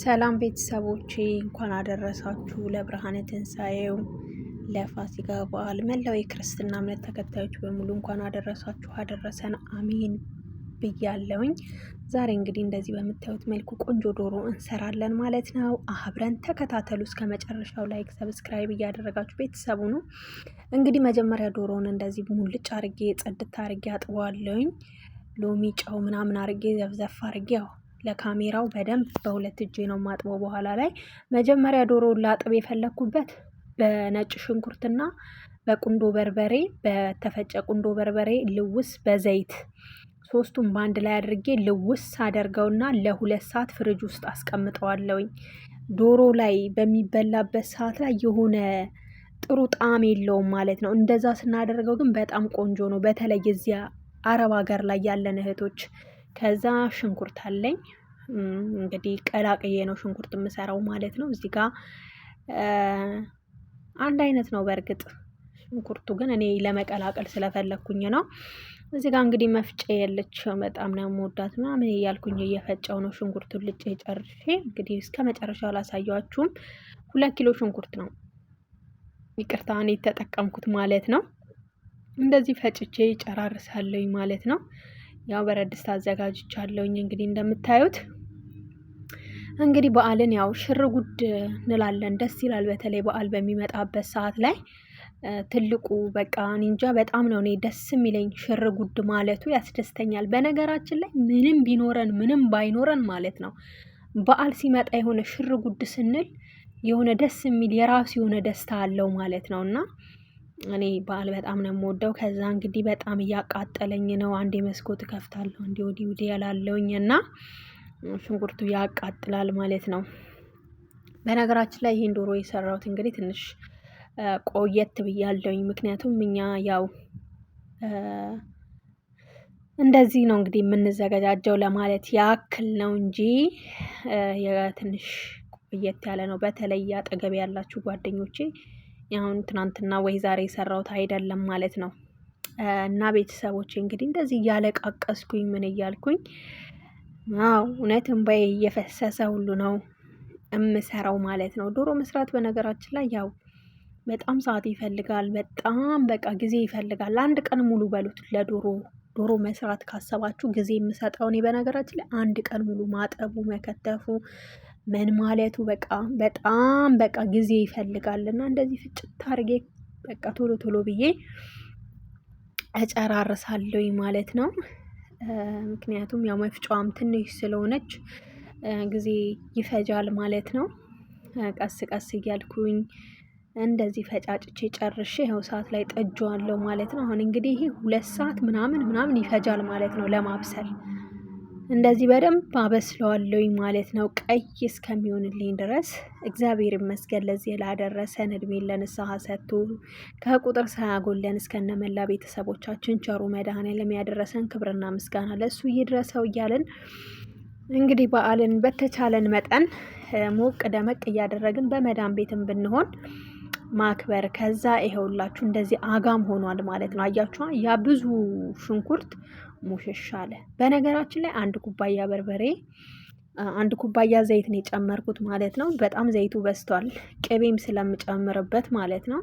ሰላም ቤተሰቦቼ እንኳን አደረሳችሁ ለብርሃነ ትንሣኤው ለፋሲካ በዓል መላው የክርስትና እምነት ተከታዮች በሙሉ እንኳን አደረሳችሁ አደረሰን አሜን ብያለውኝ። ዛሬ እንግዲህ እንደዚህ በምታዩት መልኩ ቆንጆ ዶሮ እንሰራለን ማለት ነው። አብረን ተከታተሉ እስከ መጨረሻው። ላይክ ሰብስክራይብ እያደረጋችሁ ቤተሰቡ ነው እንግዲህ መጀመሪያ ዶሮውን እንደዚህ ሙልጭ አርጌ ጽድት አርጌ አጥበዋለውኝ። ሎሚ ጨው ምናምን አርጌ ዘፍዘፍ አርጌ ያው ለካሜራው በደንብ በሁለት እጄ ነው ማጥበው። በኋላ ላይ መጀመሪያ ዶሮውን ላጥብ የፈለግኩበት በነጭ ሽንኩርትና በቁንዶ በርበሬ በተፈጨ ቁንዶ በርበሬ ልውስ በዘይት ሶስቱም በአንድ ላይ አድርጌ ልውስ አደርገውና ለሁለት ሰዓት ፍሪጅ ውስጥ አስቀምጠዋለውኝ። ዶሮ ላይ በሚበላበት ሰዓት ላይ የሆነ ጥሩ ጣዕም የለውም ማለት ነው። እንደዛ ስናደርገው ግን በጣም ቆንጆ ነው። በተለይ እዚያ አረብ ሀገር ላይ ያለን እህቶች ከዛ ሽንኩርት አለኝ እንግዲህ ቀላቅዬ ነው ሽንኩርት የምሰራው ማለት ነው። እዚህ ጋ አንድ አይነት ነው በእርግጥ ሽንኩርቱ ግን እኔ ለመቀላቀል ስለፈለግኩኝ ነው። እዚህ ጋ እንግዲህ መፍጨ የለች በጣም ነው የምወዳት ምናምን እያልኩኝ እየፈጨው ነው ሽንኩርቱን ልጬ ጨርሼ እንግዲህ እስከ መጨረሻ አላሳያችሁም። ሁለት ኪሎ ሽንኩርት ነው ይቅርታ እኔ የተጠቀምኩት ማለት ነው። እንደዚህ ፈጭቼ ጨራርሳለኝ ማለት ነው። ያው ብረት ድስት አዘጋጅቻለሁኝ እንግዲህ እንደምታዩት እንግዲህ በዓልን ያው ሽር ጉድ እንላለን። ደስ ይላል። በተለይ በዓል በሚመጣበት ሰዓት ላይ ትልቁ በቃ እንጃ በጣም ነው እኔ ደስ የሚለኝ ሽር ጉድ ማለቱ ያስደስተኛል። በነገራችን ላይ ምንም ቢኖረን ምንም ባይኖረን ማለት ነው በዓል ሲመጣ የሆነ ሽር ጉድ ስንል የሆነ ደስ የሚል የራሱ የሆነ ደስታ አለው ማለት ነው እና እኔ በዓል በጣም ነው የምወደው። ከዛ እንግዲህ በጣም እያቃጠለኝ ነው። አንዴ መስኮት እከፍታለሁ፣ አንዴ ወዲህ ወዲህ ያላለውኝ እና ሽንኩርቱ ያቃጥላል ማለት ነው። በነገራችን ላይ ይህን ዶሮ የሰራሁት እንግዲህ ትንሽ ቆየት ብያለውኝ። ምክንያቱም እኛ ያው እንደዚህ ነው እንግዲህ የምንዘገጃጀው ለማለት ያክል ነው እንጂ ትንሽ ቆየት ያለ ነው። በተለይ አጠገብ ያላችሁ ጓደኞቼ አሁን ትናንትና ወይ ዛሬ የሰራሁት አይደለም ማለት ነው። እና ቤተሰቦች እንግዲህ እንደዚህ እያለቃቀስኩኝ ምን እያልኩኝ አዎ እውነት እንባዬ እየፈሰሰ ሁሉ ነው እምሰራው ማለት ነው። ዶሮ መስራት በነገራችን ላይ ያው በጣም ሰዓት ይፈልጋል። በጣም በቃ ጊዜ ይፈልጋል። አንድ ቀን ሙሉ በሉት ለዶሮ ዶሮ መስራት ካሰባችሁ ጊዜ የምሰጠው እኔ በነገራችን ላይ አንድ ቀን ሙሉ ማጠቡ፣ መከተፉ፣ ምን ማለቱ በቃ በጣም በቃ ጊዜ ይፈልጋልና እንደዚህ ፍጭት አድርጌ በቃ ቶሎ ቶሎ ብዬ እጨራርሳለሁኝ ማለት ነው። ምክንያቱም ያው መፍጫዋም ትንሽ ስለሆነች ጊዜ ይፈጃል ማለት ነው። ቀስ ቀስ እያልኩኝ እንደዚህ ፈጫጭቼ ጨርሼ ይኸው ሰዓት ላይ ጠጀዋለሁ ማለት ነው። አሁን እንግዲህ ይሄ ሁለት ሰዓት ምናምን ምናምን ይፈጃል ማለት ነው ለማብሰል እንደዚህ በደንብ አበስለዋለሁኝ ማለት ነው፣ ቀይ እስከሚሆንልኝ ድረስ። እግዚአብሔር ይመስገን ለዚህ ላደረሰን፣ እድሜን ለንስሐ ሰጥቶ ከቁጥር ሳያጎለን እስከነመላ ቤተሰቦቻችን ቸሩ መድኃኔዓለም ያደረሰን ክብርና ምስጋና ለእሱ ይድረሰው እያለን እንግዲህ በዓልን በተቻለን መጠን ሞቅ ደመቅ እያደረግን በመዳን ቤትም ብንሆን ማክበር። ከዛ ይሄውላችሁ እንደዚህ አጋም ሆኗል ማለት ነው። አያችኋ፣ ያ ብዙ ሽንኩርት ሙሽሽ አለ። በነገራችን ላይ አንድ ኩባያ በርበሬ፣ አንድ ኩባያ ዘይት ነው የጨመርኩት ማለት ነው። በጣም ዘይቱ በዝቷል፣ ቅቤም ስለምጨምርበት ማለት ነው።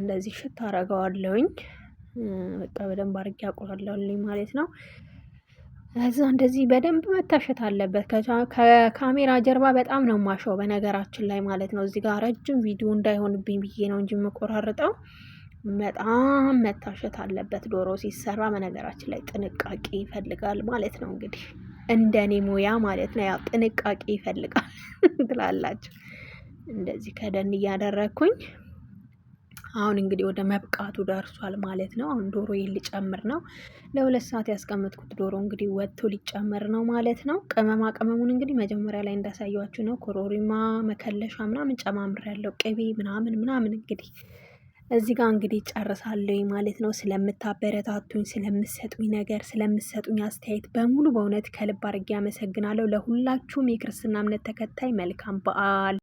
እንደዚህ ሽት አረገዋለሁኝ። በቃ በደንብ አርጌ አቁላለሁልኝ ማለት ነው። እዛ እንደዚህ በደንብ መታሸት አለበት። ከካሜራ ጀርባ በጣም ነው ማሸው በነገራችን ላይ ማለት ነው። እዚህ ጋር ረጅም ቪዲዮ እንዳይሆንብኝ ብዬ ነው እንጂ የምቆራርጠው። በጣም መታሸት አለበት ዶሮ ሲሰራ በነገራችን ላይ ጥንቃቄ ይፈልጋል ማለት ነው። እንግዲህ እንደኔ ሙያ ማለት ነው ያው ጥንቃቄ ይፈልጋል ትላላችሁ። እንደዚህ ከደን እያደረግኩኝ አሁን እንግዲህ ወደ መብቃቱ ደርሷል ማለት ነው። አሁን ዶሮ ሊጨምር ነው። ለሁለት ሰዓት ያስቀመጥኩት ዶሮ እንግዲህ ወጥቶ ሊጨምር ነው ማለት ነው። ቅመማ ቅመሙን እንግዲህ መጀመሪያ ላይ እንዳሳያችሁ ነው። ኮሮሪማ፣ መከለሻ ምናምን ጨማምር ያለው ቅቤ ምናምን ምናምን እንግዲህ እዚህ ጋር እንግዲህ ጨርሳለሁ ማለት ነው። ስለምታበረታቱኝ፣ ስለምሰጡኝ ነገር፣ ስለምሰጡኝ አስተያየት በሙሉ በእውነት ከልብ አድርጌ አመሰግናለሁ። ለሁላችሁም የክርስትና እምነት ተከታይ መልካም በዓል